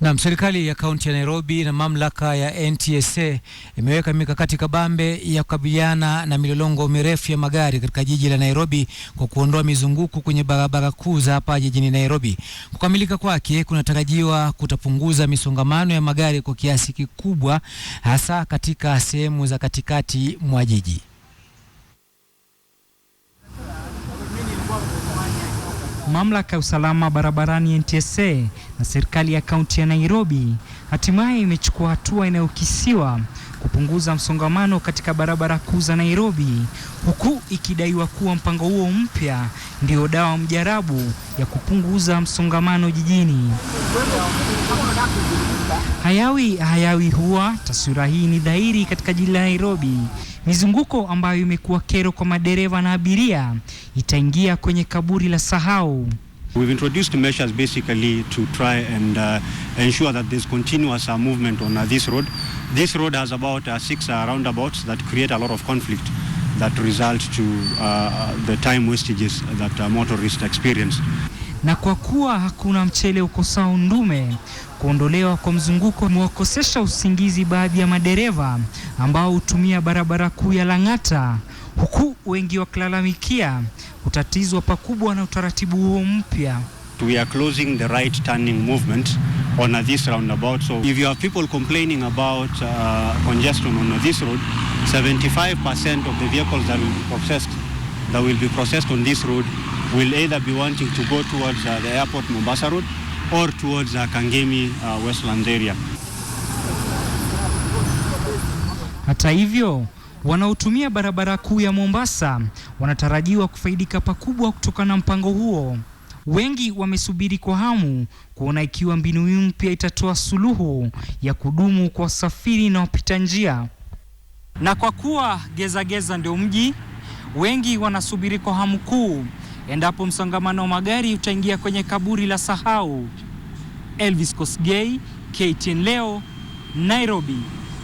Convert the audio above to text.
Naam, serikali ya kaunti ya Nairobi na mamlaka ya NTSA imeweka mikakati kabambe ya kukabiliana na milolongo mirefu ya magari katika jiji la Nairobi kwa kuondoa mizunguko kwenye barabara kuu za hapa jijini Nairobi. Kukamilika kwake kunatarajiwa kutapunguza misongamano ya magari kwa kiasi kikubwa, hasa katika sehemu za katikati mwa jiji. Mamlaka ya usalama barabarani NTSA na serikali ya kaunti ya Nairobi hatimaye imechukua hatua inayokisiwa kupunguza msongamano katika barabara kuu za Nairobi, huku ikidaiwa kuwa mpango huo mpya ndio dawa mjarabu ya kupunguza msongamano jijini. Hayawi hayawi huwa taswira hii ni dhahiri katika jiji la Nairobi. Mizunguko ambayo imekuwa kero kwa madereva na abiria itaingia kwenye kaburi la sahau. We've introduced measures basically to try and uh, ensure that there's continuous uh, movement on uh, this road. This road has about uh, six uh, roundabouts that create a lot of conflict that result to uh, uh the time wastages that uh, motorists experience. Na kwa kuwa hakuna mchele ukosao ndume, kuondolewa kwa mzunguko umewakosesha usingizi baadhi ya madereva ambao hutumia barabara kuu ya Lang'ata, huku wengi wakilalamikia kutatizwa pakubwa na utaratibu huo mpya. We are closing the right turning movement on this roundabout. So if you have people complaining about uh, congestion on this road, 75% of the vehicles that will be processed that will be processed on this road will either be wanting to go towards uh, the airport Mombasa road or towards uh, Kangemi uh, Westlands area. Hata hivyo Wanaotumia barabara kuu ya Mombasa wanatarajiwa kufaidika pakubwa kutokana na mpango huo. Wengi wamesubiri kwa hamu kuona ikiwa mbinu hii mpya itatoa suluhu ya kudumu kwa wasafiri na wapita njia. Na kwa kuwa Gezageza geza ndio mji, wengi wanasubiri kwa hamu kuu endapo msongamano wa magari utaingia kwenye kaburi la sahau. Elvis Kosgei, KTN Leo, Nairobi.